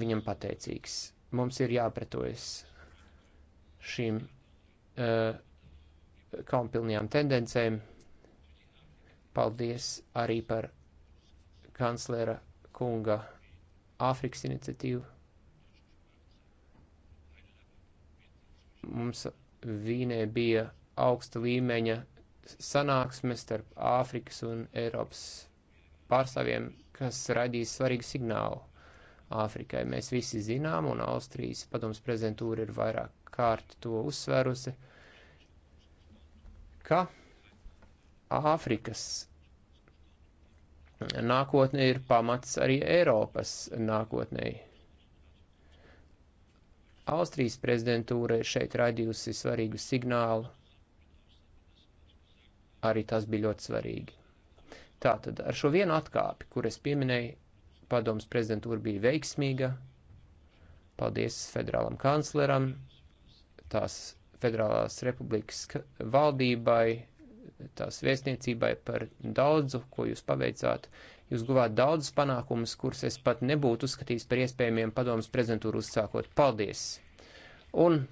viņam pateicīgs. Mums ir jāpretojas šīm uh, kaunpilnajām tendencēm. Paldies arī par kanclera kunga Āfrikas iniciatīvu. Mums Vīnē bija augsta līmeņa sanāksme starp Āfrikas un Eiropas pārstāvjiem, kas radīs svarīgu signālu Āfrikai. Mēs visi zinām, un Austrijas padoms prezidentūra ir vairāk kārt to uzsvērusi, ka Āfrikas nākotne ir pamats arī Eiropas nākotnei. Austrijas prezidentūra šeit raidījusi svarīgu signālu. Arī tas bija ļoti svarīgi. Tātad ar šo vienu atkāpi, kur es pieminēju, padomas prezidentūra bija veiksmīga. Paldies federālam kancleram, tās federālās republikas valdībai, tās vēstniecībai par daudzu, ko jūs paveicāt. Jūs guvāt daudzus panākumus, kurus es pat nebūtu uzskatījis par iespējamiem padomas prezidentūru uzsākot. Paldies! Un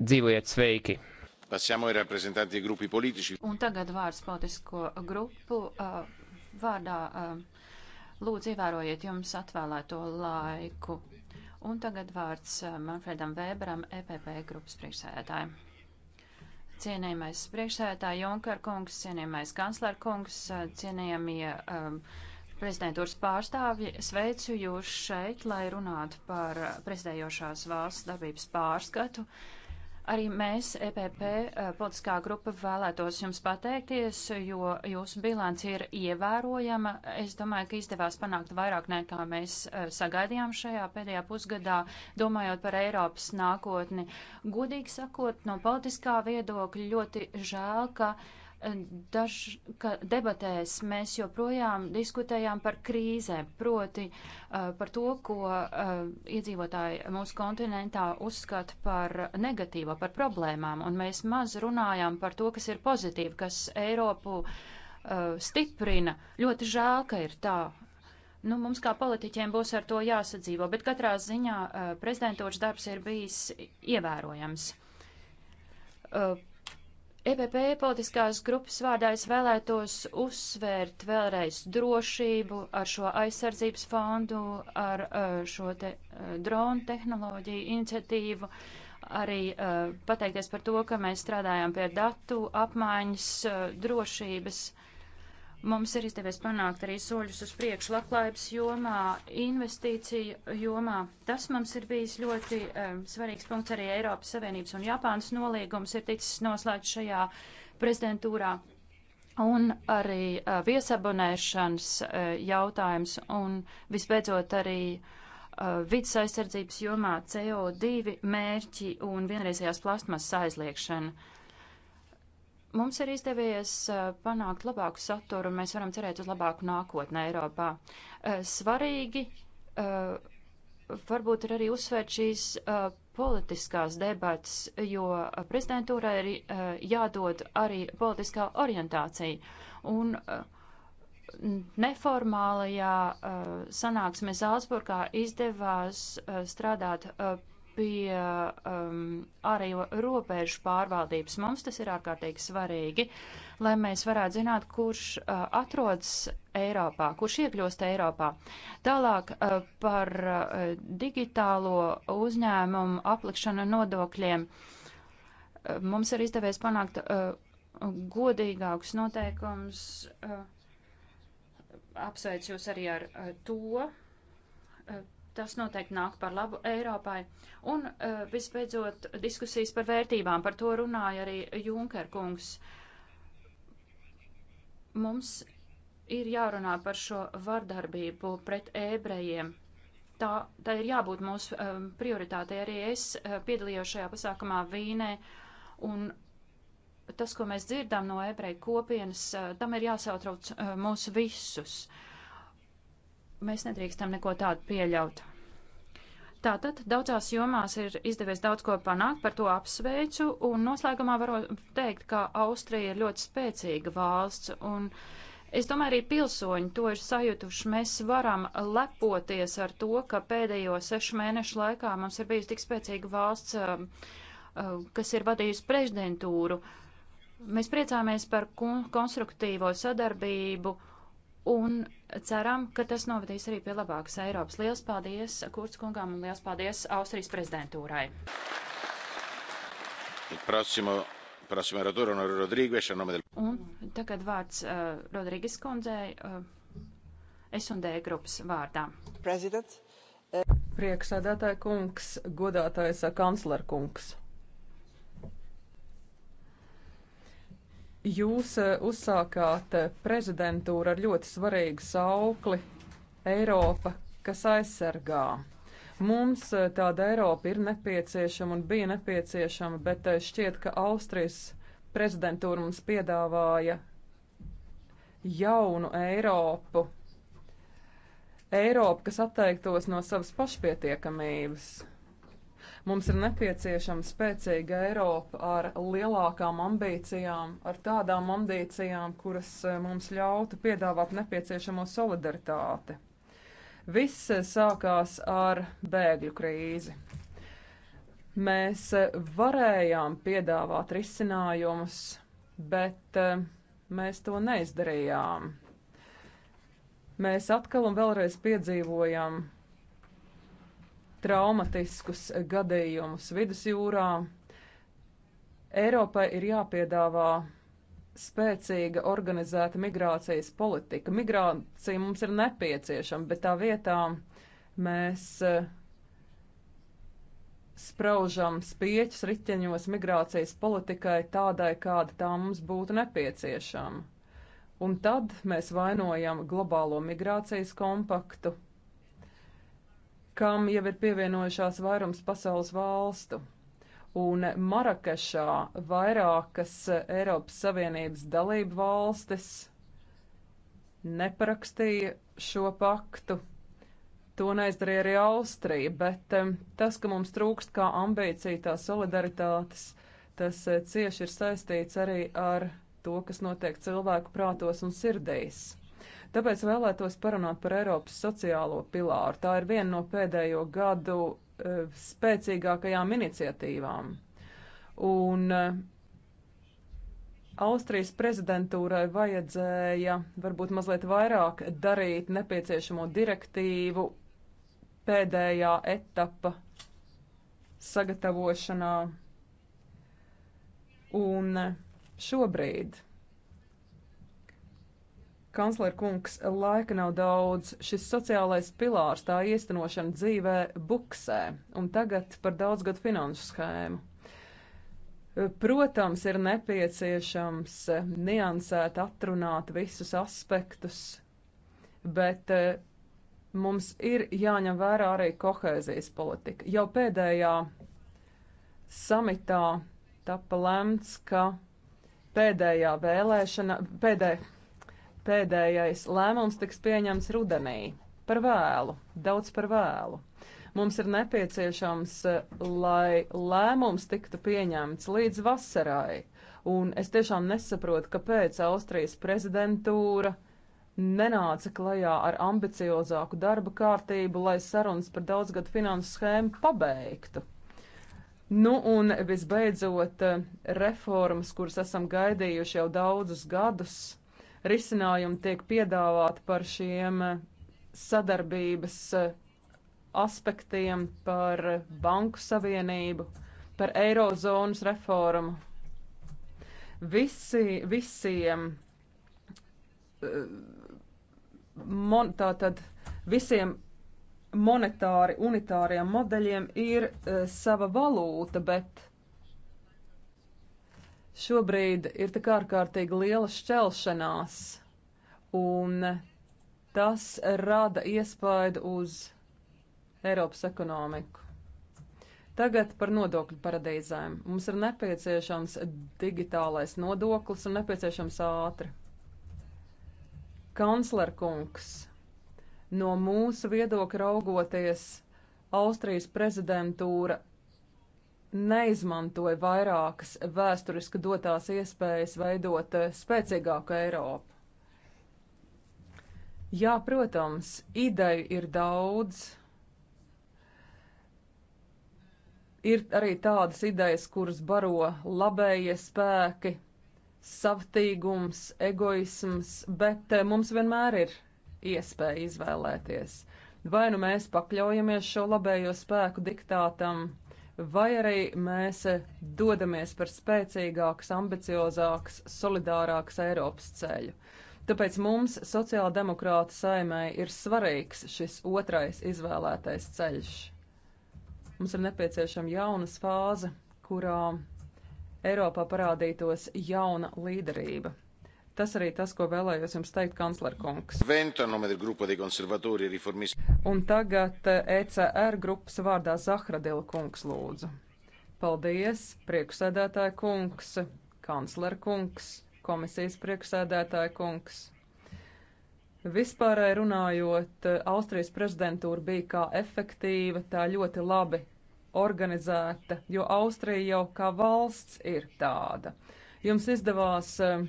dzīvojiet sveiki! Passiamo ai rappresentanti dei gruppi politici. Un tagad vārds politisko grupu uh, vārdā. Uh, Lūdzu, ievērojiet jums atvēlēto laiku. Un tagad vārds eh, Manfredam Vēberam, EPP grupas priekšsēdētājiem. Cienījamais priekšsēdētāji Junker kungs, cienījamais kancler kungs, eh, cienījamie um, prezidentūras pārstāvji, sveicu jūs šeit, lai runātu par prezidējošās valsts darbības pārskatu. Uh, Arī mēs, EPP, eh, politiskā grupa, vēlētos jums pateikties, jo jūsu bilants ir ievērojama. Es domāju, ka izdevās panākt vairāk nekā mēs eh, sagaidījām šajā pēdējā pusgadā, domājot par Eiropas nākotni. Godīgi sakot, no politiskā viedokļa ļoti žēl, ka uh, daž, ka debatēs mēs joprojām diskutējām par krīzēm, proti uh, par to, ko uh, iedzīvotāji mūsu kontinentā uzskata par negatīvo, par problēmām, un mēs maz runājām par to, kas ir pozitīvi, kas Eiropu uh, stiprina. Ļoti žēl, ka ir tā. Nu, mums kā politiķiem būs ar to jāsadzīvo, bet katrā ziņā uh, prezidentūras darbs ir bijis ievērojams. Uh, EPP politiskās grupas vārdā es vēlētos uzsvērt vēlreiz drošību ar šo aizsardzības fondu, ar uh, šo te, uh, dronu tehnoloģiju iniciatīvu, arī uh, pateikties par to, ka mēs strādājām pie datu apmaiņas drošības Mums ir izdevies panākt arī soļus uz priekšu labklājības jomā, investīciju jomā. Tas mums ir bijis ļoti um, svarīgs punkts arī Eiropas Savienības un Japānas nolīgums ir ticis noslēgts šajā prezidentūrā. Un arī uh, eh, viesabonēšanas uh, eh, jautājums un visbeidzot arī uh, vidas aizsardzības jomā CO2 mērķi un vienreizējās plasmasas aizliekšana. Uh, Mums ir izdevies panākt labāku saturu, un mēs varam cerēt uz labāku nākotnē Eiropā. Svarīgi varbūt ir arī uzsvērt šīs politiskās debatas, jo prezidentūrai ir jādod arī politiskā orientācija. Un neformālajā sanāksmē Zālsburgā izdevās strādāt pie um, ārējo robežu pārvaldības. Mums tas ir ārkārtīgi svarīgi, lai mēs varētu zināt, kurš uh, atrodas Eiropā, kurš iekļūst Eiropā. Tālāk uh, par uh, digitālo uzņēmumu aplikšanu nodokļiem. Uh, mums ir izdevies panākt uh, godīgākus noteikumus. Uh, apsveicu jūs arī ar uh, to. Uh, tas noteikti nāk par labu Eiropai. Un eh, visbeidzot, diskusijas par vērtībām, par to runāja arī Junker kungs. Mums ir jārunā par šo vardarbību pret ebrejiem. Tā, tā ir jābūt mūsu um, prioritātei. Arī es uh, piedalījos šajā pasākumā Vīnē, un tas, ko mēs dzirdam no ebreju kopienas, uh, tam ir jāsautrauc uh, mūs visus. Mēs nedrīkstam neko tādu pieļaut. Tātad daudzās jomās ir izdevies daudz ko panākt, par to apsveicu, un noslēgumā varu teikt, ka Austrija ir ļoti spēcīga valsts, un es domāju, arī pilsoņi to ir sajutuši. Mēs varam lepoties ar to, ka pēdējo sešu mēnešu laikā mums ir bijusi tik spēcīga valsts, eh, eh, kas ir vadījusi prezidentūru. Mēs priecāmies par konstruktīvo sadarbību un ceram, ka tas novadīs arī pie labākas Eiropas. Liels paldies Kurts kungām un liels paldies Austrijas prezidentūrai. Prasimo, prasimo reduru, del... Un tagad vārds uh, Rodrīgas kundzei uh, S&D grupas vārdā. President. Uh... Eh, Prieksēdētāja kungs, godātais eh, kancler kungs. Jūs eh, uzsākāt eh, prezidentūru ar ļoti svarīgu saukli Eiropa, kas aizsargā. Mums eh, tāda Eiropa ir nepieciešama un bija nepieciešama, bet šķiet, ka Austrijas prezidentūra mums piedāvāja jaunu Eiropu. Eiropu, kas atteiktos no savas pašpietiekamības. Mums ir nepieciešama spēcīga Eiropa ar lielākām ambīcijām, ar tādām ambīcijām, kuras eh, mums ļautu piedāvāt nepieciešamo solidaritāti. Viss eh, sākās ar bēgļu krīzi. Mēs eh, varējām piedāvāt risinājumus, bet mēs to neizdarījām. Mēs atkal un vēlreiz piedzīvojam traumatiskus gadījumus vidusjūrā. Eiropai ir jāpiedāvā spēcīga organizēta migrācijas politika. Migrācija mums ir nepieciešama, bet tā vietā mēs eh, spraužam spieķus riķeņos migrācijas politikai tādai, kāda tā mums būtu nepieciešama. Un tad mēs vainojam globālo migrācijas kompaktu kam jau ir pievienojušās vairums pasaules valstu. Un Marakešā vairākas Eiropas Savienības dalību valstis neparakstīja šo paktu. To neizdarīja arī Austrija, bet tas, ka mums trūkst kā ambīcija tā solidaritātes, tas eh, cieši ir saistīts arī ar to, kas notiek cilvēku prātos un sirdīs. Tāpēc vēlētos parunāt par Eiropas sociālo pilāru. Tā ir viena no pēdējo gadu uh, spēcīgākajām iniciatīvām. Un uh, Austrijas prezidentūrai vajadzēja varbūt mazliet vairāk darīt nepieciešamo direktīvu pēdējā etapa sagatavošanā. Un e, šobrīd Kancler kungs, laika nav daudz. Šis sociālais pilārs tā īstenošana dzīvē buksē, un tagad par daudzgadu finanšu schēmu. Protams, ir nepieciešams niansēt, atrunāt visus aspektus, bet eh, mums ir jāņem vērā arī kohēzijas politika. Jau pēdējā samitā tapa lemts, ka pēdējā vēlēšana, pēdējā Pēdējais lēmums tiks pieņemts rudenī. Par vēlu, daudz par vēlu. Mums ir nepieciešams, eh, lai lēmums tiktu pieņemts līdz vasarai. Un es tiešām nesaprotu, kāpēc Austrijas prezidentūra nenāca klajā ar ambiciozāku darba kārtību, lai sarunas par daudzgadu finansu schēmu pabeigtu. Nu, un visbeidzot, eh, reformas, kuras esam gaidījuši jau daudzus gadus, risinājumi tiek piedāvāti par šiem eh, sadarbības eh, aspektiem, par banku savienību, par eirozonas reformu. Visi, visiem, eh, mon, tātad, visiem monetāri unitāriem modeļiem ir uh, sava valūta, bet Šobrīd ir tik ārkārtīgi liela šķelšanās, un tas rada iespaidu uz Eiropas ekonomiku. Tagad par nodokļu paradīzēm. Mums ir nepieciešams digitālais nodoklis un nepieciešams ātri. Kanclerkungs, no mūsu viedokļa raugoties, Austrijas prezidentūra neizmantoja vairākas vēsturiski dotās iespējas veidot eh, spēcīgāku Eiropu. Jā, protams, ideju ir daudz. Ir arī tādas idejas, kuras baro labējie spēki, savtīgums, egoisms, bet eh, mums vienmēr ir iespēja izvēlēties. Vai nu mēs pakļaujamies šo labējo spēku diktātam, vai arī mēs dodamies par spēcīgākas, ambiciozākas, solidārākas Eiropas ceļu. Tāpēc mums, sociāldemokrāta saimē, ir svarīgs šis otrais izvēlētais ceļš. Mums ir nepieciešama jaunas fāze, kurā Eiropā parādītos jauna līderība. Tas arī tas, ko vēlējos jums teikt, kanclerkungs. Un tagad ECR eh, e grupas vārdā Zahradila kungs lūdzu. Paldies, priekšsēdētāja kungs, kanclerkungs, komisijas priekšsēdētāja kungs. Vispārēji runājot, eh, Austrijas prezidentūra bija kā efektīva, tā ļoti labi organizēta, jo Austrija jau kā valsts ir tāda. Jums izdevās uh,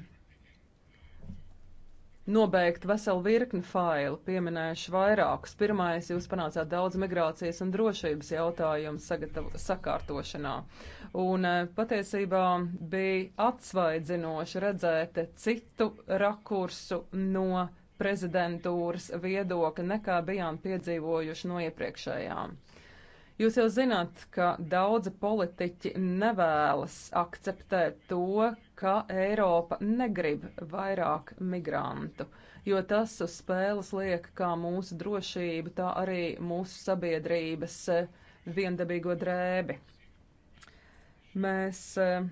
nobeigt veselu virkni failu, pieminējuši vairākus. Pirmais, jūs panācāt daudz migrācijas un drošības jautājumu sakārtošanā. Un eh, patiesībā bija atsvaidzinoši redzēt citu rakursu no prezidentūras viedokļa, nekā bijām piedzīvojuši no iepriekšējām. Jūs jau zināt, ka daudzi politiķi nevēlas akceptēt to, ka Eiropa negrib vairāk migrantu, jo tas uz spēles liek kā mūsu drošību, tā arī mūsu sabiedrības eh, viendabīgo drēbi. Mēs eh,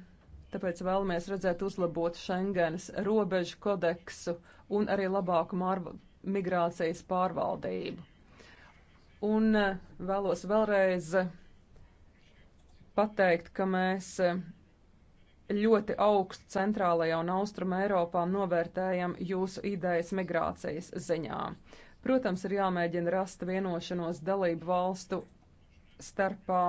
tāpēc vēlamies redzēt uzlabot Schengenas robežu kodeksu un arī labāku migrācijas pārvaldību. Un eh, vēlos vēlreiz pateikt, ka mēs ļoti augstu centrālajā un austruma Eiropā novērtējam jūsu idejas migrācijas ziņā. Protams, ir jāmēģina rast vienošanos dalību valstu starpā,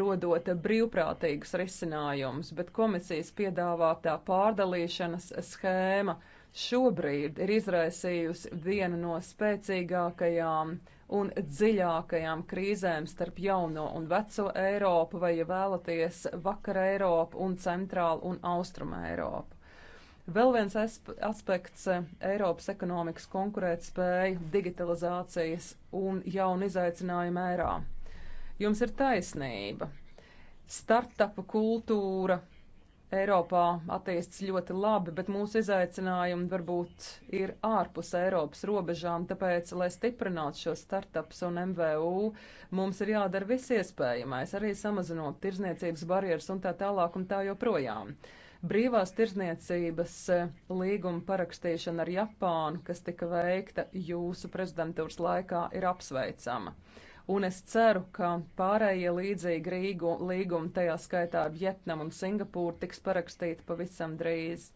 rodot brīvprātīgus risinājumus, bet komisijas piedāvātā pārdalīšanas schēma šobrīd ir izraisījusi vienu no spēcīgākajām uh, un dziļākajām krīzēm starp jauno un veco Eiropu, vai, ja vēlaties, vakar Eiropu un centrālu un austrumu Eiropu. Vēl viens aspekts eh, - Eiropas ekonomikas konkurētspēja, digitalizācijas un jaunu izaicinājumu ērā. Jums ir taisnība. Startupu kultūra, Eiropā attīstas ļoti labi, bet mūsu izaicinājumi varbūt ir ārpus Eiropas robežām, tāpēc, lai stiprinātu šo startups un MVU, mums ir jādara viss iespējamais, arī samazinot tirzniecības barjeras un tā tālāk un tā joprojām. Brīvās tirzniecības eh, līguma parakstīšana ar Japānu, kas tika veikta jūsu prezidentūras laikā, ir apsveicama un es ceru, ka pārējie līdzīgi rīgu, līgumi, tajā skaitā ar Vietnamu un Singapūru, tiks parakstīti pavisam drīz.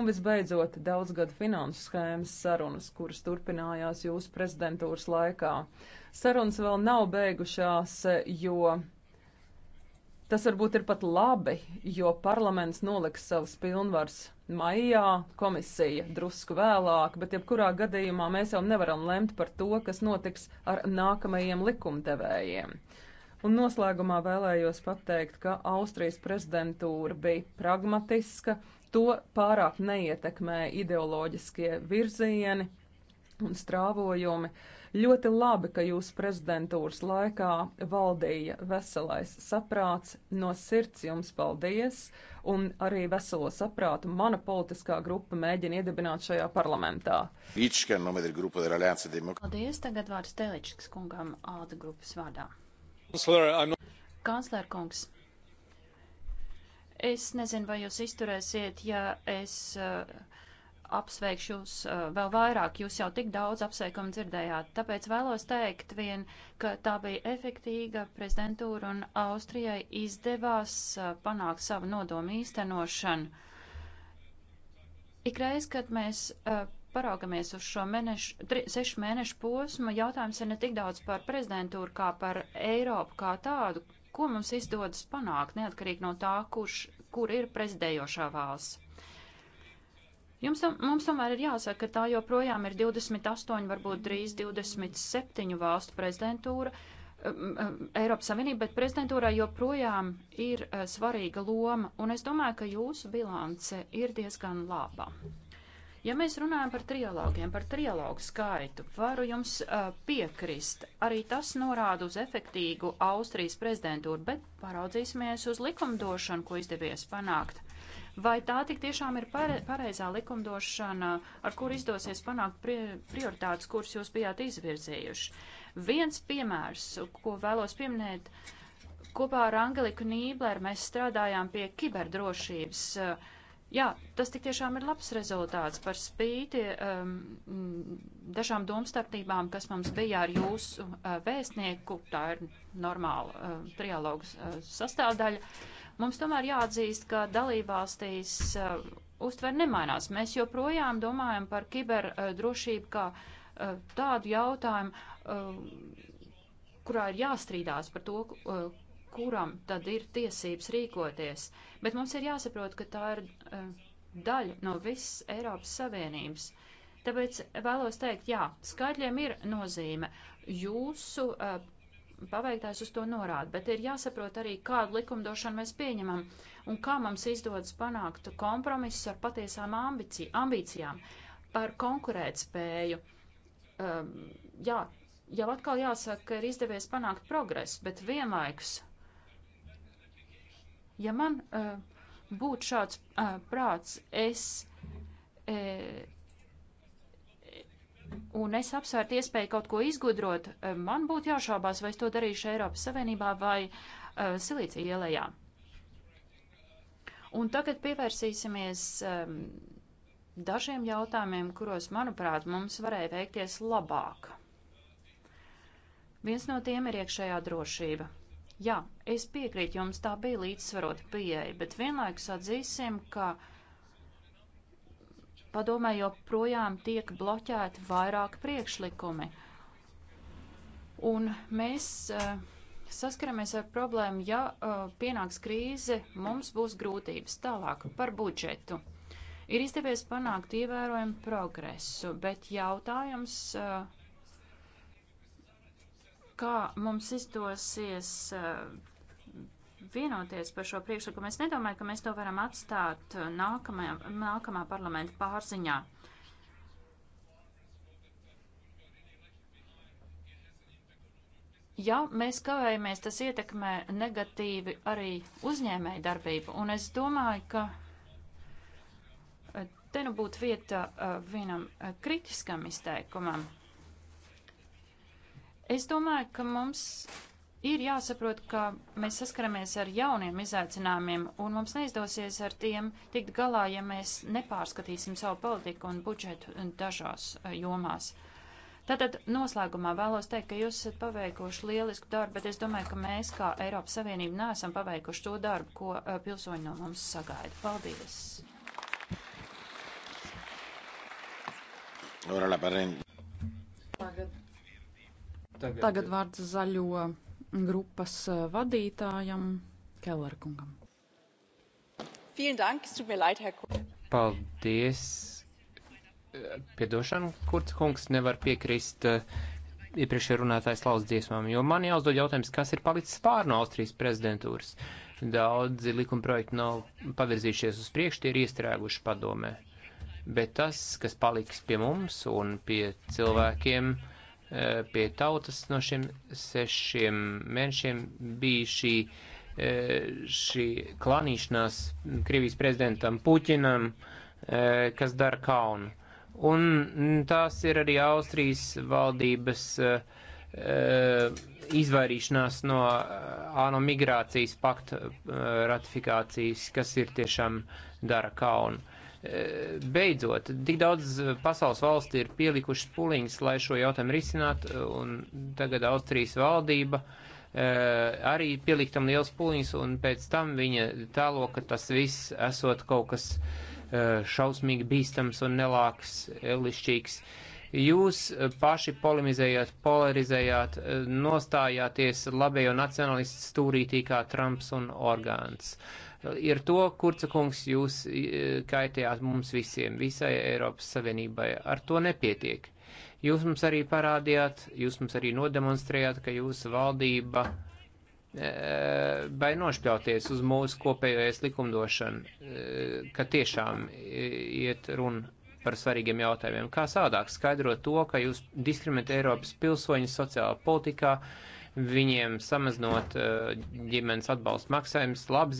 Un visbeidzot, daudzgadu finanses schēmas sarunas, kuras turpinājās jūsu prezidentūras laikā. Sarunas vēl nav beigušās, jo tas varbūt ir pat labi, jo parlaments noliks savas pilnvaras maijā, komisija drusku vēlāk, bet jebkurā gadījumā mēs jau nevaram lemt par to, kas notiks ar nākamajiem likumdevējiem. Un noslēgumā vēlējos pateikt, ka Austrijas prezidentūra bija pragmatiska, to pārāk neietekmēja ideoloģiskie virzieni un strāvojumi. Uh, Ļoti labi, ka jūs prezidentūras laikā valdīja veselais saprāts. No sirds jums paldies! Un arī veselo saprātu mana politiskā grupa mēģina iedibināt šajā parlamentā. Paldies! Tagad vārds Teličs kungam Alda grupas vārdā. Kancler kungs, es nezinu, vai jūs izturēsiet, ja es. Uh, apsveikšu jūs uh, vēl vairāk, jūs jau tik daudz apsveikumu dzirdējāt. Tāpēc vēlos teikt vien, ka tā bija efektīga prezidentūra un Austrijai izdevās uh, panākt savu nodomu īstenošanu. Ikreiz, kad mēs uh, paraugamies uz šo mēnešu, tri, sešu mēnešu posmu, jautājums ir ne tik daudz par prezidentūru kā par Eiropu kā tādu, ko mums izdodas panākt, neatkarīgi no tā, kurš, kur ir prezidējošā valsts. Jums, mums tomēr ir jāsaka, ka tā joprojām ir 28, varbūt drīz 27 valstu prezidentūra, um, um, Eiropas Savienība, bet prezidentūrā joprojām ir uh, svarīga loma, un es domāju, ka jūsu bilance ir diezgan laba. Ja mēs runājam par trialogiem, par trialogu skaitu, varu jums uh, piekrist. Arī tas norāda uz efektīgu Austrijas prezidentūru, bet paraudzīsimies uz likumdošanu, ko izdevies panākt. Vai tā tik tiešām ir pareizā likumdošana, ar kur izdosies panākt prioritātes, kuras jūs bijāt izvirzējuši? Viens piemērs, ko vēlos pieminēt, kopā ar Angeliku Nībleru mēs strādājām pie kiberdrošības. Jā, tas tik tiešām ir labs rezultāts par spīti um, dažām domstarpībām, kas mums bija ar jūsu uh, vēstnieku. Tā ir normāla uh, trialogu uh, sastāvdaļa. Uh, Mums tomēr jāatzīst, ka dalībvalstīs uh, uztver nemainās. Mēs joprojām domājam par kiberdrošību uh, kā uh, tādu jautājumu, uh, kurā ir jāstrīdās par to, uh, kuram tad ir tiesības rīkoties. Bet mums ir jāsaprot, ka tā ir uh, daļa no visas Eiropas Savienības. Tāpēc vēlos teikt, jā, skaitļiem ir nozīme. Jūsu uh, paveiktājs uz to norāda, bet ir jāsaprot arī, kādu likumdošanu mēs pieņemam un kā mums izdodas panākt kompromisus ar patiesām ambici, ambīcijām par konkurētspēju. Um, jā, jau atkal jāsaka, ka ir izdevies panākt progresu, bet vienlaikus, ja man uh, būtu šāds uh, prāts, es. Uh, un es apsvērtu iespēju kaut ko izgudrot, eh, man būtu jāšaubās, vai es to darīšu Eiropas Savienībā vai uh, Silīcija ielējā. Un tagad pievērsīsimies um, dažiem jautājumiem, kuros, manuprāt, mums varēja veikties labāk. Viens no tiem ir iekšējā drošība. Jā, es piekrītu jums, tā bija līdzsvarota pieeja, bet vienlaikus atzīsim, ka uh, Padomē joprojām tiek bloķēti vairāk priekšlikumi. Un mēs uh, saskaramies ar problēmu, ja uh, pienāks krīze, mums būs grūtības tālāk par budžetu. Ir izdevies panākt ievērojumu progresu, bet jautājums, uh, kā mums izdosies uh, vienoties par šo priekšlikumu. Es nedomāju, ka mēs to varam atstāt nākamajā, nākamā parlamenta pārziņā. Ja mēs kavējamies, tas ietekmē negatīvi arī uzņēmēju darbību, un es domāju, ka te nu būtu vieta vienam kritiskam izteikumam. Es domāju, ka mums Ir jāsaprot, ka mēs saskaramies ar jauniem izaicinājumiem, un mums neizdosies ar tiem tikt galā, ja mēs nepārskatīsim savu politiku un budžetu dažās eh, jomās. Tātad noslēgumā vēlos teikt, ka jūs esat paveikuši lielisku darbu, bet es domāju, ka mēs kā Eiropas Savienība neesam paveikuši to darbu, ko eh, pilsoņi no mums sagaida. Paldies! Tagad, tagad vārds zaļo grupas eh, vadītājam Kellerkungam. Paldies! Piedošana, Kurts kungs nevar piekrist eh, iepriekšējā runātājs lauza dziesmām, jo man jāuzdod jautājums, kas ir palicis pār no Austrijas prezidentūras. Daudzi likuma projekti nav pavirzījušies uz priekšu, tie ir iestrēguši padomē. Bet tas, kas paliks pie mums un pie cilvēkiem, uh, Eh, pie tautas no šiem sešiem mēnešiem bija šī, eh, šī klanīšanās Krievijas prezidentam Puķinam, eh, kas dara kaunu. Un tās ir arī Austrijas valdības izvairīšanās no ANO migrācijas pakta ratifikācijas, kas ir tiešām dara kaunu. Eh, beidzot, tik daudz eh, pasaules valsti ir pielikušas puliņas, lai šo jautājumu risinātu, eh, un tagad Austrijas valdība arī pieliktam liels puliņas, un pēc tam viņa tālo, ka tas viss esot kaut kas šausmīgi bīstams un nelāks, lišķīgs jūs paši polemizējāt, polarizējāt, nostājāties labējo nacionalistu stūrītī kā Trumps un Orgāns ir to, kurca kungs jūs e, kaitējāt mums visiem, visai Eiropas Savienībai. Ar to nepietiek. Jūs mums arī parādījāt, jūs mums arī nodemonstrējāt, ka jūsu valdība e, vai nošpļauties uz mūsu kopējojas likumdošanu, e, ka tiešām iet runa par svarīgiem jautājumiem. Kā sādāk skaidrot to, ka jūs diskriminēt Eiropas pilsoņu sociālā politikā, uh, viņiem samaznot eh, ģimenes atbalstu maksājumus, labi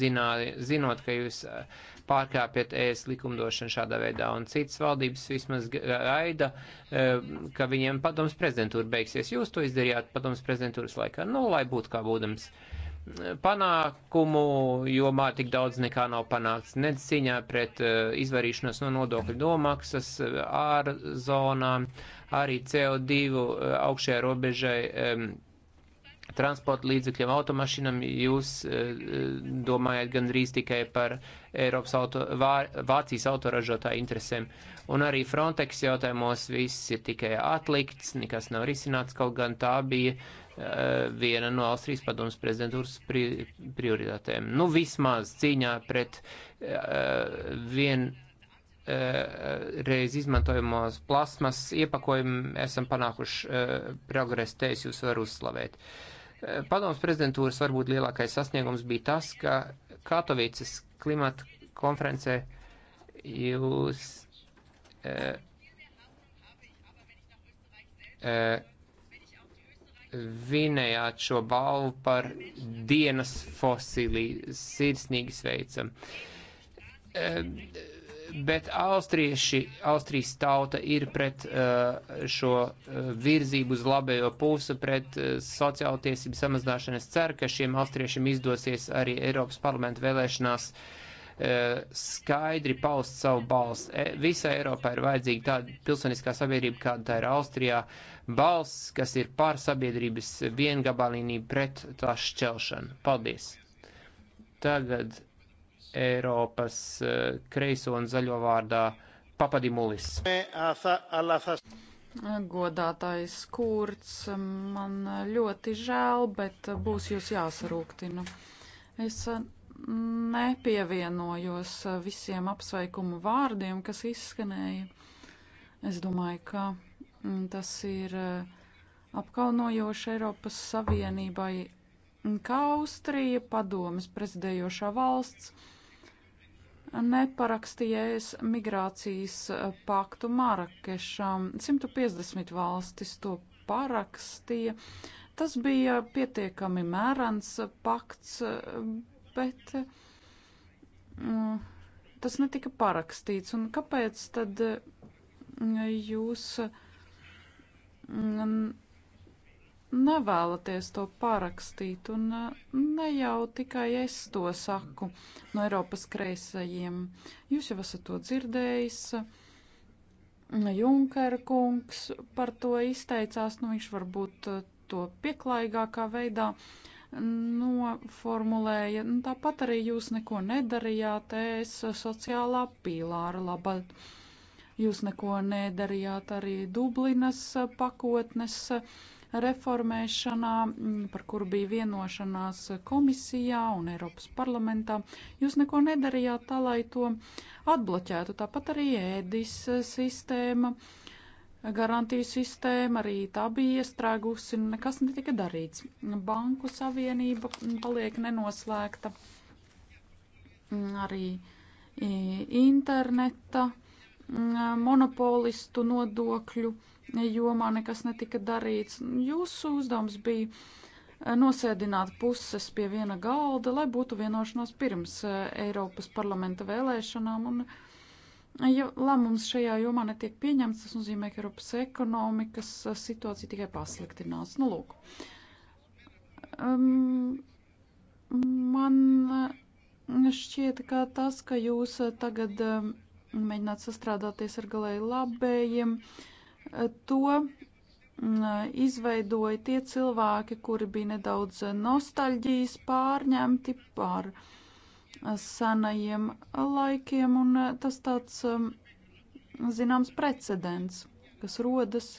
zinot, ka jūs eh, pārkāpjat ēst likumdošanu šādā veidā, un citas valdības vismaz gaida, eh, ka viņiem padoms prezidentūra beigsies. Jūs to izdarījāt padoms prezidentūras laikā, nu, lai būtu kā būdams panākumu jomā tik daudz nekā nav panākts. Nedz cīņā pret uh, izvarīšanos no nodokļu nomaksas, ārzonām, arī CO2 uh, augšējai robežai um, transporta līdzekļiem, automašīnām, jūs e, e, domājat gandrīz tikai par Eiropas auto, Vār, Vācijas autoražotāju interesēm. Un arī Frontex jautājumos viss ir tikai atlikts, nekas nav risināts, kaut gan tā bija e, viena no Austrijas padomas prezidentūras pri, prioritātēm. Nu, vismaz cīņā pret uh, vien reiz izmantojamos plasmas iepakojumu esam panākuši progresu, te es jūs varu uzslavēt. Uh, Padoms prezidentūras varbūt lielākais sasniegums bija tas, ka Katovicas klimata konferencē jūs e, e, vinējāt šo balvu par dienas fosilī. Sirsnīgi sveicam. E, bet austrieši, austrijas tauta ir pret uh, šo uh, virzību uz labējo pusi, pret uh, sociālo tiesību samazināšanu. Es ceru, ka šiem austriešiem izdosies arī Eiropas parlamenta vēlēšanās uh, skaidri paust savu balstu. E, Visai Eiropā ir vajadzīga tāda pilsoniskā sabiedrība, kāda tā ir Austrijā. Balsts, kas ir pār sabiedrības viengabalīnību pret tā šķelšanu. Paldies! Tagad Eiropas eh, kreiso un zaļo vārdā Papadimulis. Godātais kurts, man ļoti žēl, bet būs jūs jāsarūktina. Es eh, nepievienojos visiem apsveikumu vārdiem, kas izskanēja. Es domāju, ka mm, tas ir eh, apkaunojoši Eiropas Savienībai, kā Austrija, padomas prezidējošā valsts neparakstījies migrācijas eh, paktu Marakešam. 150 valstis to parakstīja. Tas bija pietiekami mērens eh, pakts, eh, bet mm, tas netika parakstīts. Un kāpēc tad jūs? Mm, nevēlaties to parakstīt, un eh, ne jau tikai es to saku no Eiropas kreisajiem. Jūs jau esat to dzirdējis. Junker kungs par to izteicās, nu viņš varbūt eh, to pieklājīgākā veidā noformulēja. Nu, tāpat arī jūs neko nedarījāt, es sociālā pīlāra labā. Jūs neko nedarījāt arī Dublinas pakotnes uh, reformēšanā, mm, par kuru bija vienošanās komisijā un Eiropas parlamentā. Jūs neko nedarījāt tā, lai to atbloķētu. Tāpat arī ēdis sistēma. Garantiju sistēma arī tā bija iestrēgusi, nekas netika darīts. Banku savienība paliek nenoslēgta. Arī interneta monopolistu nodokļu jomā nekas netika darīts. Jūsu uzdevums bija eh, nosēdināt puses pie viena galda, lai būtu vienošanos pirms eh, Eiropas parlamenta vēlēšanām. Un, eh, ja lēmums šajā jomā netiek pieņemts, tas nozīmē, ka Eiropas ekonomikas situācija tikai pasliktinās. Nu, lūk. Um, man šķiet, ka tas, ka jūs tagad um, mēģināt sastrādāties ar galēji labējiem, uh, to mm, izveidoja tie cilvēki, kuri bija nedaudz nostalģijas pārņemti par senajiem laikiem, un tas tāds mm, zināms precedents, kas rodas.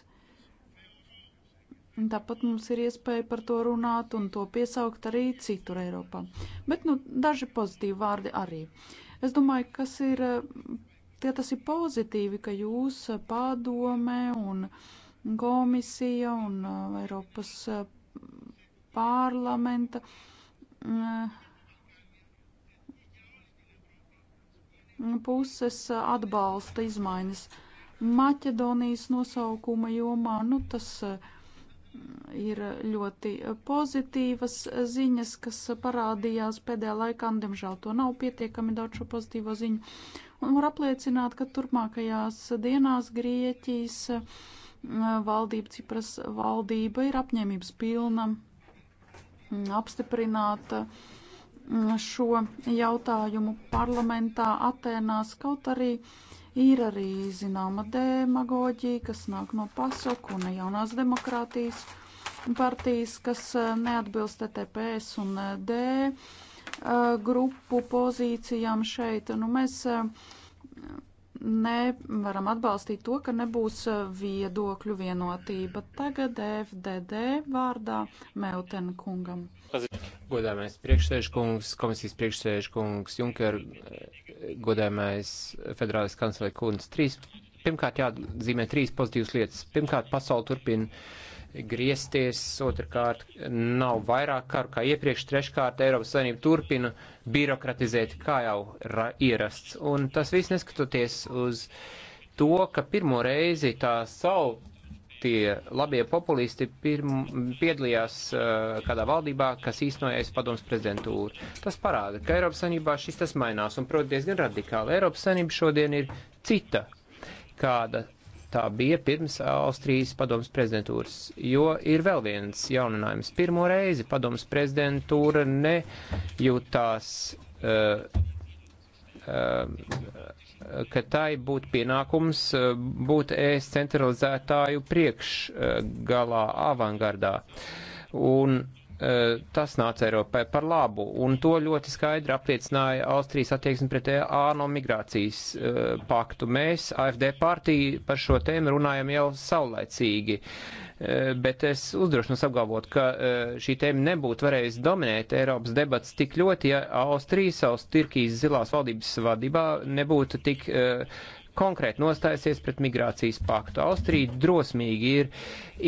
Tāpat mums ir iespēja par to runāt un to piesaukt arī citur Eiropā. Bet nu, daži pozitīvi vārdi arī. Es domāju, kas ir Tie tas ir pozitīvi, ka jūs eh, padome un komisija un eh, Eiropas eh, parlamenta puses atbalsta izmaiņas. Maķedonijas nosaukuma jomā, nu tas ir ļoti pozitīvas ziņas, kas parādījās pēdējā laikā, un diemžēl to nav pietiekami daudz šo pozitīvo ziņu. Un var apliecināt, ka turpmākajās dienās Grieķijas valdība, Cipras valdība ir apņēmības pilna apstiprināt šo jautājumu parlamentā Atēnās, kaut arī ir arī zināma demagoģija, kas nāk no pasaku un jaunās demokrātijas partijas, kas e, neatbilst e TTPS un e D grupu pozīcijām šeit. Nu, mēs nevaram atbalstīt to, ka nebūs viedokļu vienotība. Tagad FDD vārdā Melten kungam. Godājumais priekšsēžkungs, komisijas priekšsēžkungs, Junker, godājumais federālis kanclēja kundze. Trīs, pirmkārt jāatzīmē trīs pozitīvas lietas. Pirmkārt, pasauli turpina griezties, otrkārt nav vairāk karu kā iepriekš, treškārt Eiropas Savienība turpina birokratizēt kā jau ierasts. Un tas viss neskatoties uz to, ka pirmo reizi tā savu tie labie populisti pirm, piedalījās uh, kādā valdībā, kas īstenojas padoms prezidentūru. Tas parāda, ka Eiropas Sanībā šis tas mainās un, protams, diezgan radikāli. Eiropas Sanība šodien ir cita, kāda Tā bija pirms Austrijas padomas prezidentūras, jo ir vēl viens jauninājums. Pirmo reizi padomas prezidentūra nejūtās, uh, uh, ka tai būtu pienākums uh, būt ēst centralizētāju priekšgalā, uh, avangardā. Un uh, Eh, tas nāca Eiropai par labu, un to ļoti skaidri apliecināja Austrijas attieksme pret āno e migrācijas eh, paktu. Mēs, AFD partija, par šo tēmu runājam jau saulaicīgi, eh, bet es uzdrošinos apgalvot, ka šī tēma nebūtu varējusi dominēt Eiropas debats tik ļoti, ja Austrijas, Austrijas, Tirkijas zilās valdības vadībā nebūtu tik uh, konkrēti nostājusies pret migrācijas paktu. Austrija drosmīgi ir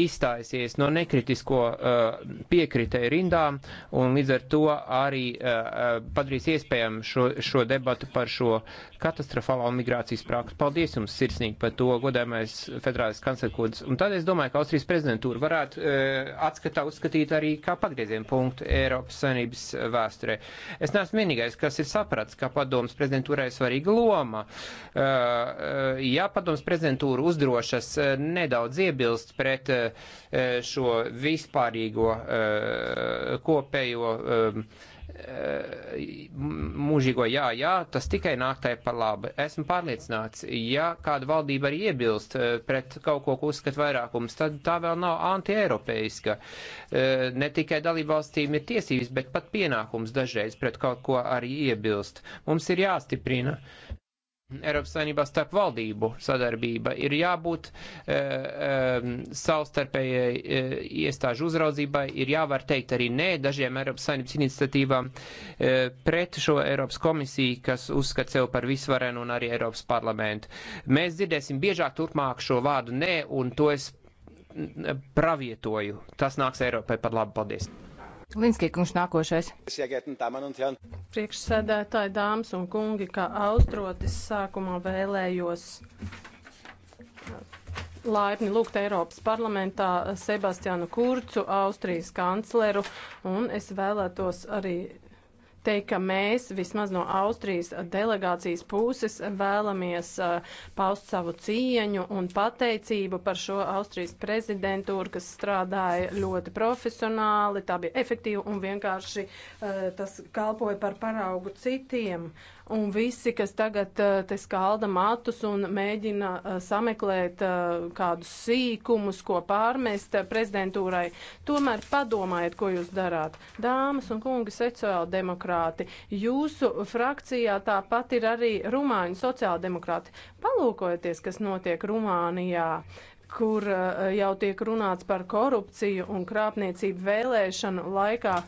izstājusies no nekritisko uh, piekritēju rindām un līdz ar to arī uh, uh padarīs iespējami šo, šo debatu par šo katastrofālo migrācijas praktu. Paldies jums sirsnīgi par to, godājumais federālis kanclerkods. Un tad es domāju, ka Austrijas prezidentūra varētu uh, atskatā uzskatīt arī kā pagriezienu punktu Eiropas savienības vēsturē. Es neesmu vienīgais, kas ir saprats, ka padomas prezidentūrai svarīga loma. Uh, Eh, ja padoms prezidentūra uzdrošas eh, nedaudz iebilst pret eh, šo vispārīgo kopējo mūžīgo jā, jā, tas tikai nāk tai par labu. Esmu pārliecināts, ja kāda valdība arī iebilst pret kaut ko, ko uzskata vairākums, tad tā vēl nav antieiropeiska. Ne tikai dalībvalstīm ir tiesības, bet pat pienākums dažreiz pret kaut ko arī iebilst. Mums ir jāstiprina Eiropas Savienībā starp valdību sadarbība ir jābūt e, e, savstarpējai e, iestāžu uzraudzībai, ir jāvar teikt arī nē dažiem Eiropas Savienības iniciatīvām e, pret šo Eiropas komisiju, kas uzskata sev par visvarenu un arī Eiropas parlamentu. Mēs dzirdēsim biežāk turpmāk šo vārdu nē, un to es mm, pravietoju. Tas nāks Eiropai par labu. Paldies! Linskīkungs nākošais. Priekšsēdētāji, dāmas un kungi, kā austrotis sākumā vēlējos uh, laipni lūgt Eiropas parlamentā uh, Sebastianu Kurcu, Austrijas kancleru, un es vēlētos arī teikt, ka mēs vismaz no Austrijas delegācijas puses vēlamies uh, paust savu cieņu un pateicību par šo Austrijas prezidentūru, kas strādāja ļoti profesionāli, tā bija efektīva un vienkārši uh, tas kalpoja par paraugu citiem un visi, kas tagad eh, te skalda matus un mēģina eh, sameklēt eh, kādus sīkumus, ko pārmest prezidentūrai, tomēr padomājiet, ko jūs darāt. Dāmas un kungi, sociāldemokrāti, jūsu frakcijā tāpat ir arī rumāņu sociāldemokrāti. Palūkojieties, kas notiek Rumānijā kur jau tiek runāts par korupciju un krāpniecību vēlēšanu laikā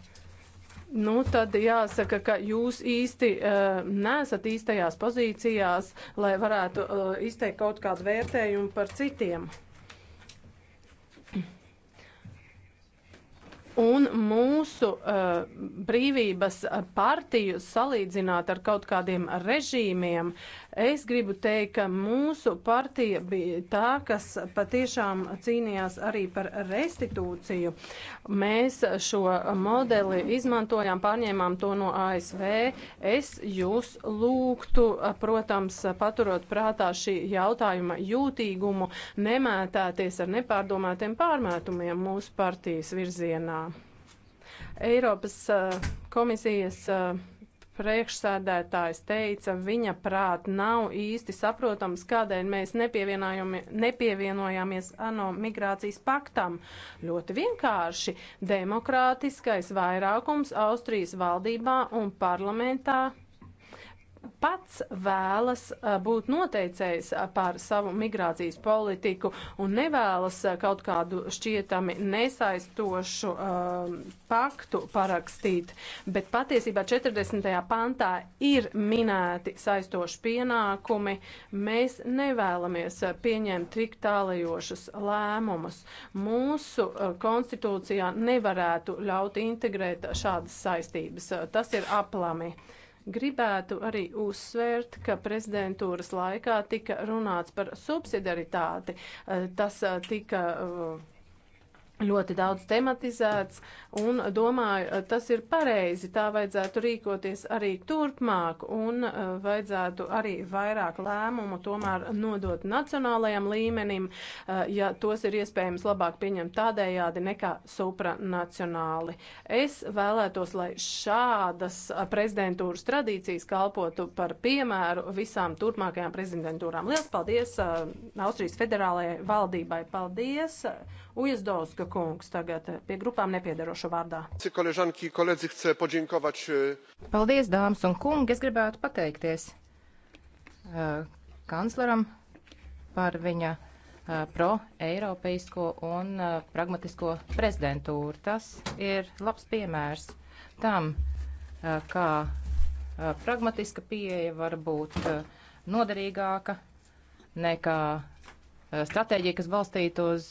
nu tad jāsaka, ka jūs īsti uh, nesat īstajās pozīcijās, lai varētu uh, izteikt kaut kādu vērtējumu par citiem. Un mūsu uh, brīvības partiju salīdzināt ar kaut kādiem režīmiem, Es gribu teikt, ka mūsu partija bija tā, kas patiešām cīnījās arī par restitūciju. Mēs šo modeli izmantojām, pārņēmām to no ASV. Es jūs lūgtu, protams, paturot prātā šī jautājuma jūtīgumu, nemētāties ar nepārdomātiem pārmētumiem mūsu partijas virzienā. Eiropas uh, komisijas uh, priekšsēdētājs teica, viņa prāt nav īsti saprotams, kādēļ mēs nepievienojāmies ANO migrācijas paktam. Ļoti vienkārši demokrātiskais vairākums Austrijas valdībā un parlamentā pats vēlas būt noteicējs par savu migrācijas politiku un nevēlas kaut kādu šķietami nesaistošu um, paktu parakstīt, bet patiesībā 40. pantā ir minēti saistoši pienākumi. Mēs nevēlamies pieņemt tik tālajošus lēmumus. Mūsu konstitūcijā nevarētu ļaut integrēt šādas saistības. Tas ir aplami. Gribētu arī uzsvērt, ka prezidentūras laikā tika runāts par subsidiaritāti. Eh, tas eh, tika eh, ļoti daudz tematizēts, un domāju, eh, tas ir pareizi, tā vajadzētu rīkoties arī turpmāk, un uh, vajadzētu arī vairāk lēmumu tomēr nodot nacionālajam līmenim, uh, ja tos ir iespējams labāk pieņemt tādējādi nekā supranacionāli. Es vēlētos, lai šādas prezidentūras tradīcijas kalpotu par piemēru visām turpmākajām prezidentūrām. Lielas paldies uh, Austrijas federālajai valdībai, paldies Ujazdovska Polčaka kungs tagad eh, pie grupām nepiedarošo vārdā. Eh, Paldies, dāmas un kungi! Es gribētu pateikties eh, kancleram par viņa pro-eiropeisko un pragmatisko prezidentūru. Tas ir labs piemērs tam, kā pragmatiska pieeja var būt noderīgāka nekā stratēģija, kas balstīta uz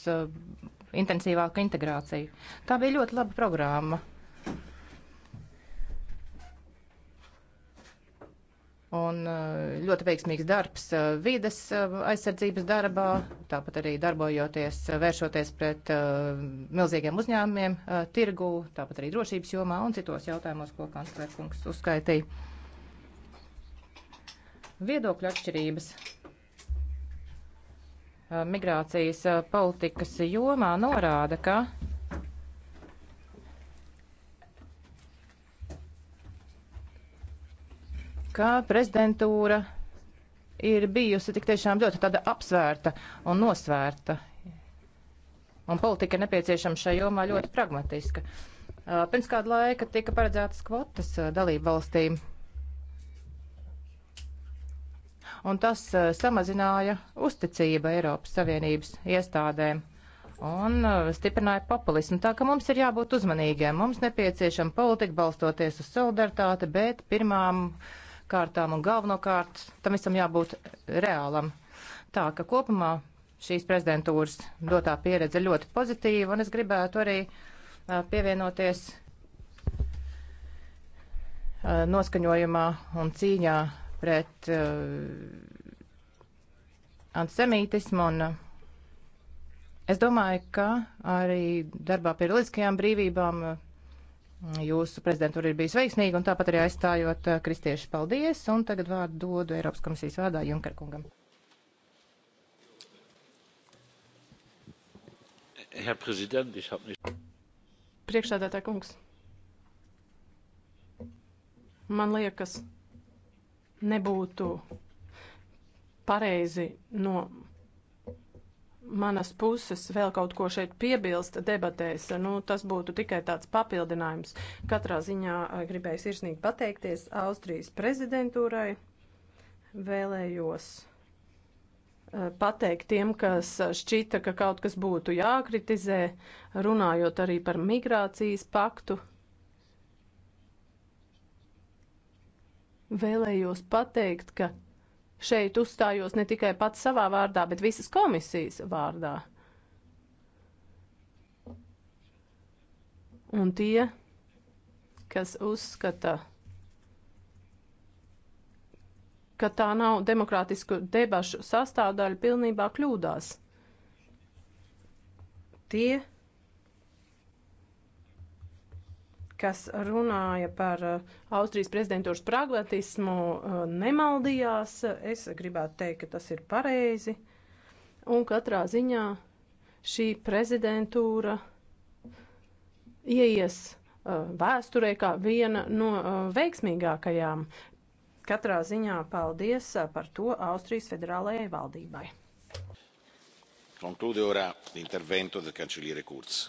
intensīvāku integrāciju. Tā bija ļoti laba programma. Un eh, ļoti veiksmīgs darbs eh, vides eh, aizsardzības darbā, tāpat arī darbojoties, vēršoties pret milzīgiem uzņēmumiem, tirgu, tāpat arī drošības jomā un citos jautājumos, ko kanclerkungs uzskaitīja. Viedokļu atšķirības Eh, migrācijas eh, politikas jomā norāda, ka ka prezidentūra ir bijusi tik tiešām ļoti tāda apsvērta un nosvērta. Un politika ir nepieciešama šajā jomā ļoti pragmatiska. Eh, pirms kādu laiku tika paredzētas kvotas dalību valstīm un tas eh, samazināja uzticību Eiropas Savienības iestādēm un eh, stiprināja populismu. Tā ka mums ir jābūt uzmanīgiem. Mums nepieciešama politika balstoties uz solidaritāti, bet pirmām kārtām un galvenokārt tam visam jābūt reālam. Tā ka kopumā šīs prezidentūras dotā pieredze ļoti pozitīva, un es gribētu arī eh, pievienoties noskaņojumā un cīņā pret uh, antisemītismu. Un, uh, es domāju, ka arī darbā pie reliģiskajām brīvībām uh, jūsu prezidentūra ir bijusi veiksmīga un tāpat arī aizstājot uh, kristiešu paldies. Un tagad vārdu dodu Eiropas komisijas vārdā Junkerkungam. Herr Präsident, ich habe nicht. Priekšsēdētāj kungs. Man liekas, nebūtu pareizi no manas puses vēl kaut ko šeit piebilst debatēs, nu, tas būtu tikai tāds papildinājums. Katrā ziņā eh, gribēju sirsnīgi pateikties Austrijas prezidentūrai. Vēlējos eh, pateikt tiem, kas šķita, ka kaut kas būtu jākritizē, runājot arī par migrācijas paktu. Vēlējos pateikt, ka šeit uzstājos ne tikai pats savā vārdā, bet visas komisijas vārdā. Un tie, kas uzskata, ka tā nav demokrātisku debašu sastāvdaļa, pilnībā kļūdās. Tie, kas runāja par uh, Austrijas prezidentūras pragmatismu, uh, nemaldījās. Es gribētu teikt, ka tas ir pareizi. Un katrā ziņā šī prezidentūra ieies uh, vēsturē kā viena no veiksmīgākajām. Katrā ziņā paldies par to Austrijas federālajai valdībai. Conclude ora l'intervento del cancelliere Kurz.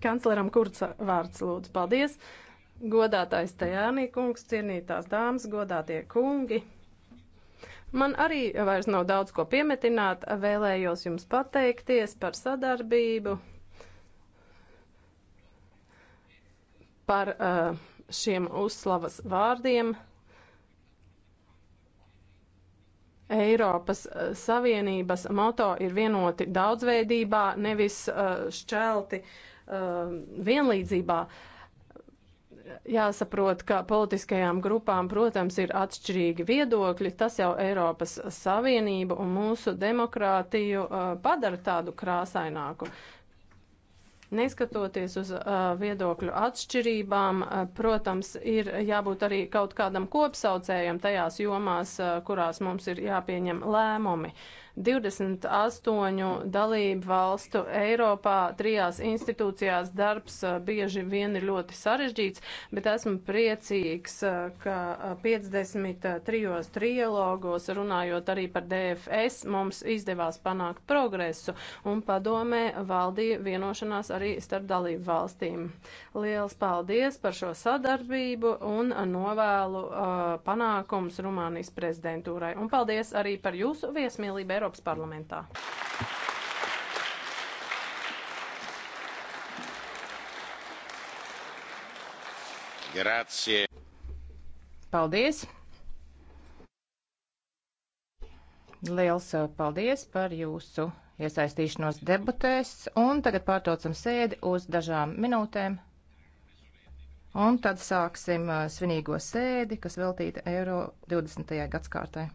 Kancleram Kurca vārds lūdzu. Paldies! Godātais Tajānī kungs, cienītās dāmas, godātie kungi! Man arī vairs nav daudz ko piemetināt, vēlējos jums pateikties par sadarbību, par uh, šiem uzslavas vārdiem. Eiropas uh, Savienības moto ir vienoti daudzveidībā, nevis uh, šķelti uh, Um, vienlīdzībā. Jāsaprot, ka politiskajām grupām, protams, ir atšķirīgi viedokļi. Tas jau Eiropas Savienību un mūsu demokrātiju uh, padara tādu krāsaināku. Neskatoties uz uh, viedokļu atšķirībām, uh, protams, ir jābūt arī kaut kādam kopsaucējam tajās jomās, uh, kurās mums ir jāpieņem lēmumi. Uh, 28 dalību valstu Eiropā trijās institūcijās darbs bieži vien ir ļoti sarežģīts, bet esmu priecīgs, ka 53 trilogos runājot arī par DFS mums izdevās panākt progresu un padomē valdīja vienošanās arī starp dalību valstīm. Liels paldies par šo sadarbību un novēlu uh, panākums Rumānijas prezidentūrai. Un paldies arī par jūsu viesmīlību. Eiropas parlamentā. Grazie. Paldies! Liels uh, paldies par jūsu iesaistīšanos debatēs, un tagad pārtaucam sēdi uz dažām minūtēm, un tad sāksim uh, svinīgo sēdi, kas veltīta Eiro 20. gadskārtai.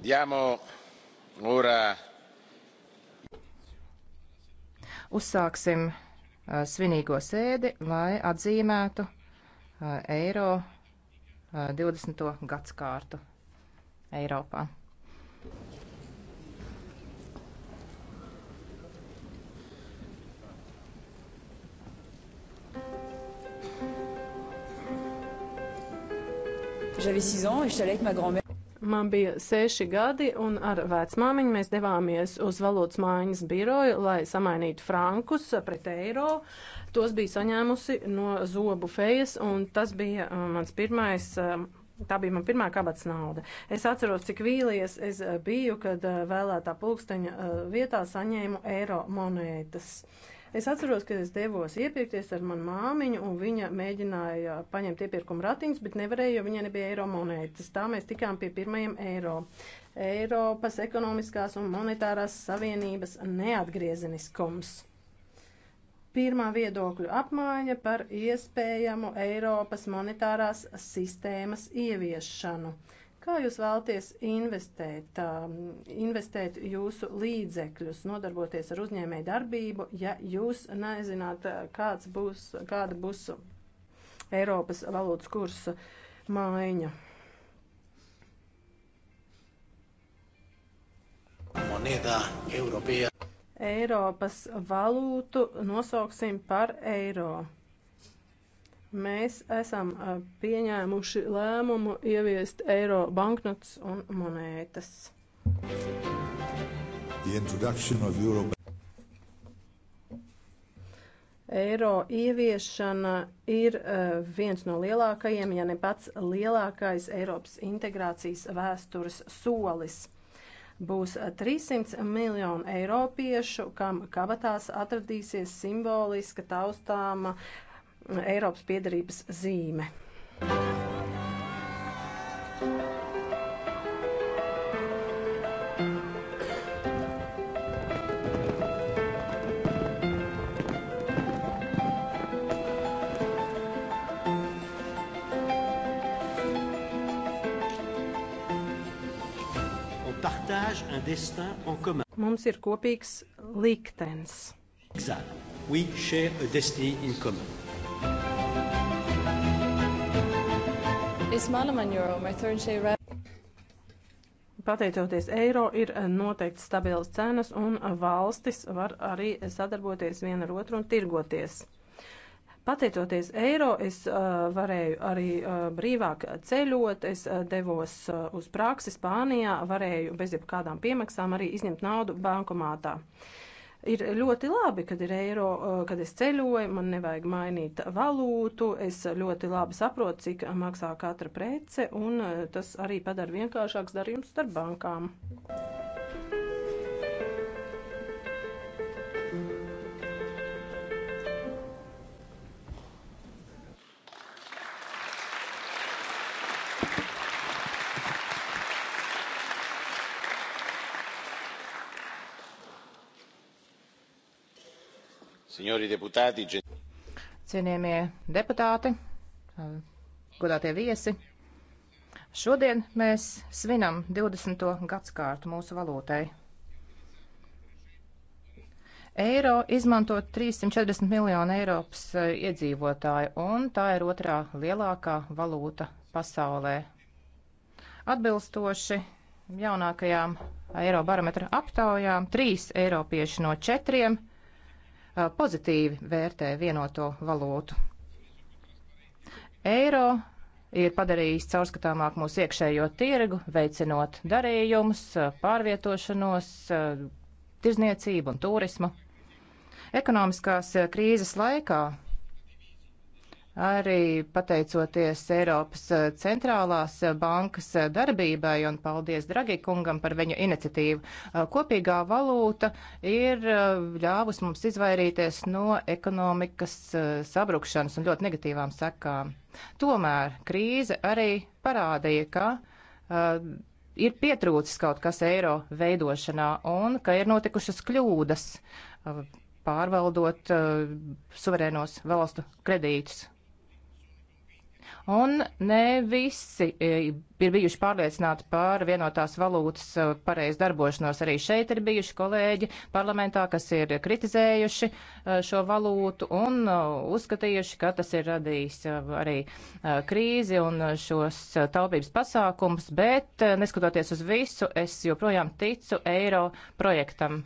Diamo ora. Uzsāksim uh, svinīgo sēdi, lai atzīmētu uh, eiro uh, 20. gadskārtu Eiropā. J'avais 6 ans et j'étais allée avec ma grand-mère. Man bija seši gadi, un ar vecmāmiņu mēs devāmies uz valodas mājas biroju, lai samainītu frankus pret eiro. Tos bija saņēmusi no zobu fejas, un tas bija uh, mans pirmais. Um, tā bija man pirmā kabatas nauda. Es atceros, cik vīlies es uh, biju, kad uh, vēlētā pulksteņa vietā saņēmu eiro monētas. Uh, Es atceros, ka es devos iepirkties ar manu māmiņu, un viņa mēģināja paņemt iepirkuma ratiņus, bet nevarēja, jo viņai nebija eiro monētas. Tā mēs tikām pie pirmajiem eiro. Eiropas ekonomiskās un monetārās savienības neatgriezeniskums pirmā viedokļu apmaiņa par iespējamu Eiropas monetārās sistēmas ieviešanu. Kā jūs vēlaties investēt, um, investēt jūsu līdzekļus, nodarboties ar uzņēmēju darbību, ja jūs nezināt, uh, kāds būs, kāda būs Eiropas valūtas kursa maiņa? Monēta Eiropija. Eiropas valūtu nosauksim par eiro. Mēs esam pieņēmuši lēmumu ieviest eiro banknotes un monētas. The introduction of euro eiro ieviešana ir uh, viens no lielākajiem, ja ne pats lielākais Eiropas integrācijas vēstures solis. Būs 300 miljonu eiropiešu, kam kabatās atradīsies simboliska taustāma uh, Eiropas piedarības zīme. Mums ir kopīgs liktenis. Exact. We share a destiny in common. Pateicoties eiro, ir eh, noteikti stabilas cenas, un eh, valstis var arī sadarboties viena ar otru un tirgoties. Pateicoties eiro, es uh, varēju arī uh, brīvāk ceļot, es uh, devos uh, uz praksi Spānijā, varēju bez jebkādām piemaksām arī izņemt naudu bankomātā. Uh, ir ļoti labi, kad ir eiro, eh, kad es ceļoju, man nevajag mainīt valūtu, es ļoti labi saprotu, cik maksā katra prece, un eh, tas arī padara vienkāršāks darījums starp bankām. signori deputāti. Cienījamie deputāti, eh, godātie viesi, šodien mēs svinam 20. gadskārtu mūsu valūtai. Eiro izmanto 340 miljonu Eiropas eh, iedzīvotāju, un tā ir otrā lielākā valūta pasaulē. Atbilstoši jaunākajām Eirobarometra aptaujām, trīs eiropieši no četriem Uh, pozitīvi vērtē vienoto valūtu. Eiro ir padarījis caurskatāmāk mūsu iekšējo tirgu, veicinot darījumus, uh, pārvietošanos, uh, tirzniecību un turismu. Ekonomiskās krīzes laikā arī pateicoties Eiropas eh, centrālās eh, bankas eh, darbībai un paldies Dragi kungam par viņu iniciatīvu. Kopīgā valūta ir ļāvus mums izvairīties no ekonomikas sabrukšanas un ļoti negatīvām sekām. Tomēr krīze arī parādīja, ka ir pietrūcis kaut kas eiro veidošanā un ka ir notikušas kļūdas pārvaldot suverēnos valstu kredītus Un ne visi e, ir bijuši pārliecināti par vienotās valūtas e, pareizu darbošanos. Arī šeit ir bijuši kolēģi parlamentā, kas ir kritizējuši e, šo valūtu un uzskatījuši, ka tas ir radījis arī krīzi un šos taupības pasākums, bet neskatoties uz visu, es joprojām ticu eiro projektam.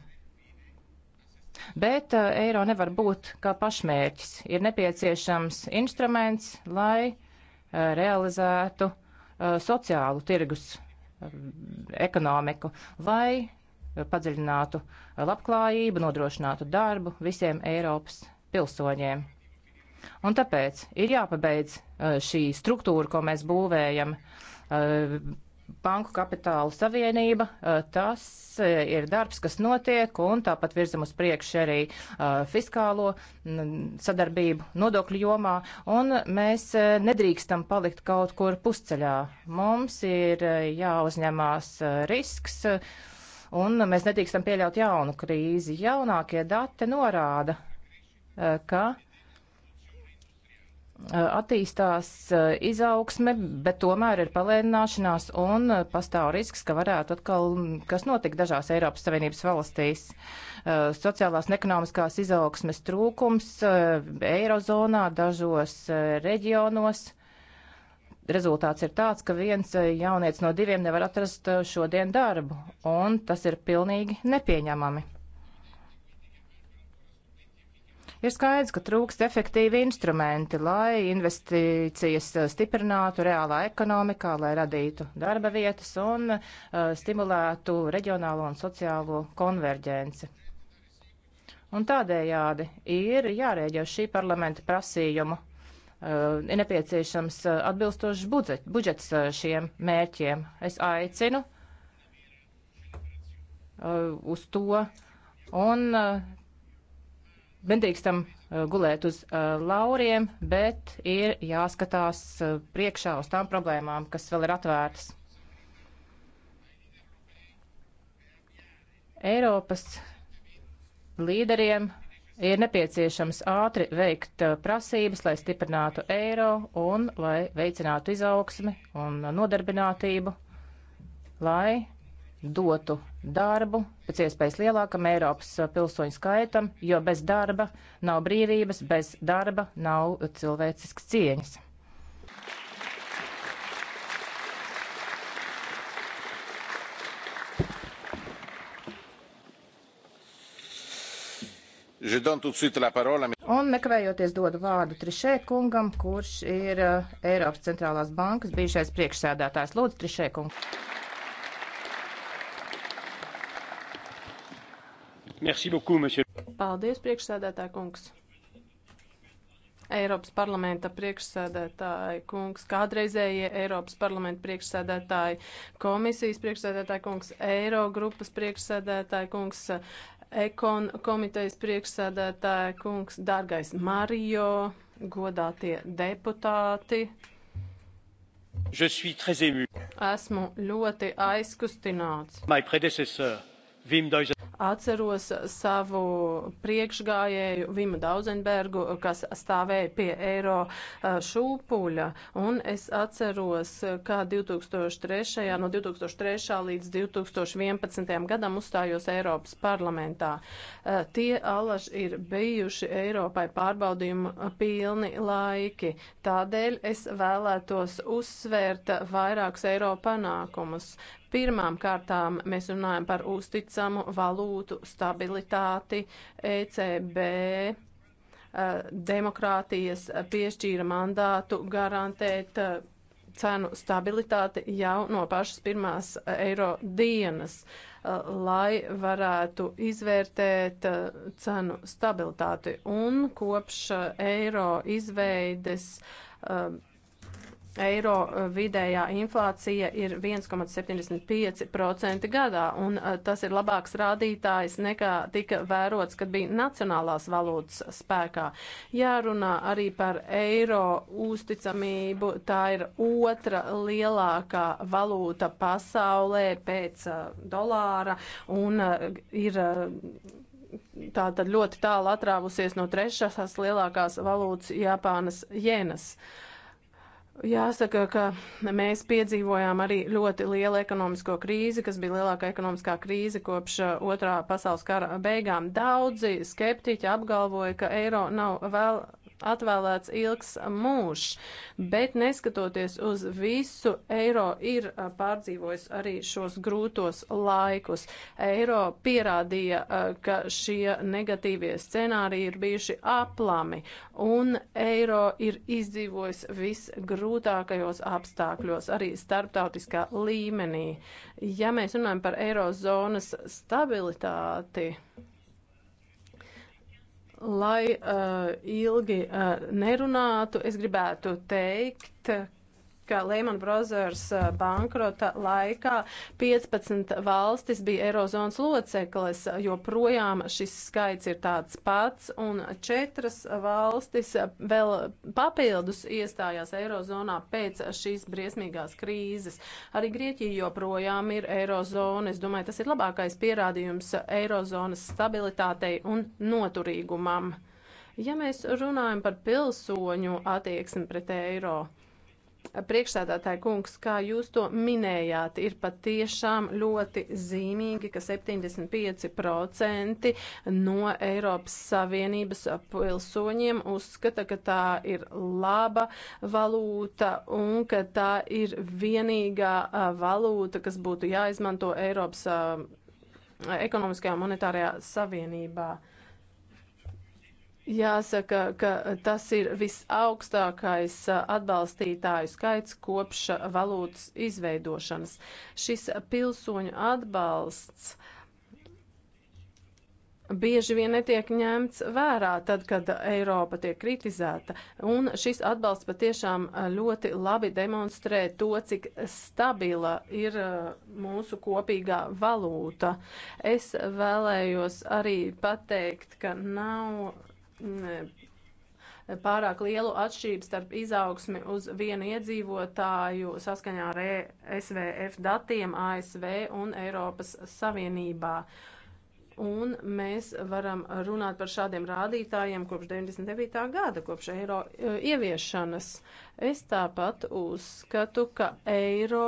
Bet eiro nevar būt kā pašmērķis. Ir nepieciešams instruments, lai realizētu uh, sociālu tirgus um, ekonomiku, lai padziļinātu labklājību, nodrošinātu darbu visiem Eiropas pilsoņiem. Un tāpēc ir jāpabeidz uh, šī struktūra, ko mēs būvējam uh, Banku kapitāla savienība, tas ir darbs, kas notiek, un tāpat virzam uz priekšu arī fiskālo sadarbību nodokļu jomā, un mēs nedrīkstam palikt kaut kur pusceļā. Mums ir jāuzņemās risks un mēs nedrīkstam pieļaut jaunu krīzi. Jaunākie dati norāda, ka attīstās izaugsme, bet tomēr ir palēnināšanās un pastāv risks, ka varētu atkal, kas notika dažās Eiropas Savienības valstīs, sociālās un ekonomiskās izaugsmes trūkums Eirozonā, dažos reģionos. Rezultāts ir tāds, ka viens jaunietis no diviem nevar atrast šodien darbu, un tas ir pilnīgi nepieņemami. Ir skaidrs, ka trūkst efektīvi instrumenti, lai investīcijas uh, stiprinātu reālā ekonomikā, lai radītu darba vietas un uh, stimulētu reģionālo un sociālo konverģenci. Un tādējādi ir jārēģē uz šī parlamenta prasījumu. Uh, ir nepieciešams uh, atbilstošs budžet, budžets uh, šiem mērķiem. Es aicinu uh, uz to. Un uh, Bendrīkstam uh, gulēt uz uh, lauriem, bet ir jāskatās uh, priekšā uz tām problēmām, kas vēl ir atvērtas. Eiropas līderiem ir nepieciešams ātri veikt prasības, lai stiprinātu eiro un lai veicinātu izaugsmi un nodarbinātību, lai dotu darbu pēc iespējas lielākam Eiropas pilsoņu skaitam, jo bez darba nav brīvības, bez darba nav cilvēcisks cieņas. Un nekavējoties dodu vārdu Trišē kungam, kurš ir eh, Eiropas centrālās bankas bijušais priekšsēdētājs. Lūdzu, Trišē kungs. Merci beaucoup, monsieur. Paldies, priekšsēdētāja kungs. Eiropas parlamenta priekšsēdētāji kungs, kādreizējie Eiropas parlamenta priekšsēdētāji, komisijas priekšsēdētāji kungs, Eiro grupas priekšsēdētāji kungs, Ekon komitejas priekšsēdētāja kungs, dārgais Mario, godātie deputāti. Esmu ļoti aizkustināts. Atceros savu priekšgājēju Vimu Dauzenbergu, kas stāvēja pie eiro uh, šūpuļa, un es atceros, kā 2003. no 2003. līdz 2011. gadam uzstājos Eiropas parlamentā. Uh, tie alaži ir bijuši Eiropai pārbaudījumu pilni laiki. Tādēļ es vēlētos uzsvērt vairākus Eiropa panākumus. Pirmām kārtām mēs runājam par uzticamu valūtu stabilitāti ECB eh, demokrātijas piešķīra mandātu garantēt eh, cenu stabilitāti jau no pašas pirmās eiro dienas, eh, lai varētu izvērtēt cenu stabilitāti. Un kopš eiro izveides eiro eh, vidējā inflācija ir 1,75% gadā, un eh, tas ir labāks rādītājs nekā tika vērots, kad bija nacionālās valūtas spēkā. Jārunā arī par eiro uzticamību, tā ir otra lielākā valūta pasaulē pēc eh, dolāra, un ir tā tad ļoti tālu atrāvusies no trešās lielākās valūtas Japānas jenas. Uh, Jāsaka, ka mēs piedzīvojām arī ļoti lielu ekonomisko krīzi, kas bija lielākā ekonomiskā krīze kopš uh, otrā pasaules kara beigām. Daudzi skeptiķi apgalvoja, ka eiro nav vēl atvēlēts ilgs mūžs, bet neskatoties uz visu, eiro ir pārdzīvojis arī šos grūtos laikus. Eiro pierādīja, ka šie negatīvie scenāriji ir bijuši aplami, un eiro ir izdzīvojis visgrūtākajos apstākļos, arī starptautiskā līmenī. Ja mēs runājam par eirozonas stabilitāti, Lai uh, ilgi uh, nerunātu, es gribētu teikt, ka Lehman Brothers uh, bankrota laikā 15 valstis bija Eirozonas locekles, jo projām šis skaits ir tāds pats, un četras valstis vēl papildus iestājās Eirozonā pēc šīs briesmīgās krīzes. Arī Grieķija joprojām ir Eirozona. Es domāju, tas ir labākais pierādījums Eirozonas stabilitātei un noturīgumam. Ja mēs runājam par pilsoņu attieksmi pret eiro, Priekšsēdētāji kungs, kā jūs to minējāt, ir patiešām ļoti zīmīgi, ka 75% no Eiropas Savienības pilsoņiem uzskata, ka tā ir laba valūta un ka tā ir vienīgā valūta, kas būtu jāizmanto Eiropas ekonomiskajā monetārajā savienībā. Uh, Jāsaka, ka tas ir visaugstākais atbalstītāju skaits kopš valūtas izveidošanas. Šis pilsoņu atbalsts bieži vien netiek ņemts vērā tad, kad Eiropa tiek kritizēta, un šis atbalsts patiešām ļoti labi demonstrē to, cik stabila ir mūsu kopīgā valūta. Es vēlējos arī pateikt, ka nav Mm, pārāk lielu atšķirību starp izaugsmi uz vienu iedzīvotāju saskaņā ar e, SVF datiem ASV un Eiropas Savienībā. Un mēs varam runāt par šādiem rādītājiem kopš 99. gada, kopš eiro e, ieviešanas. Es tāpat uzskatu, ka eiro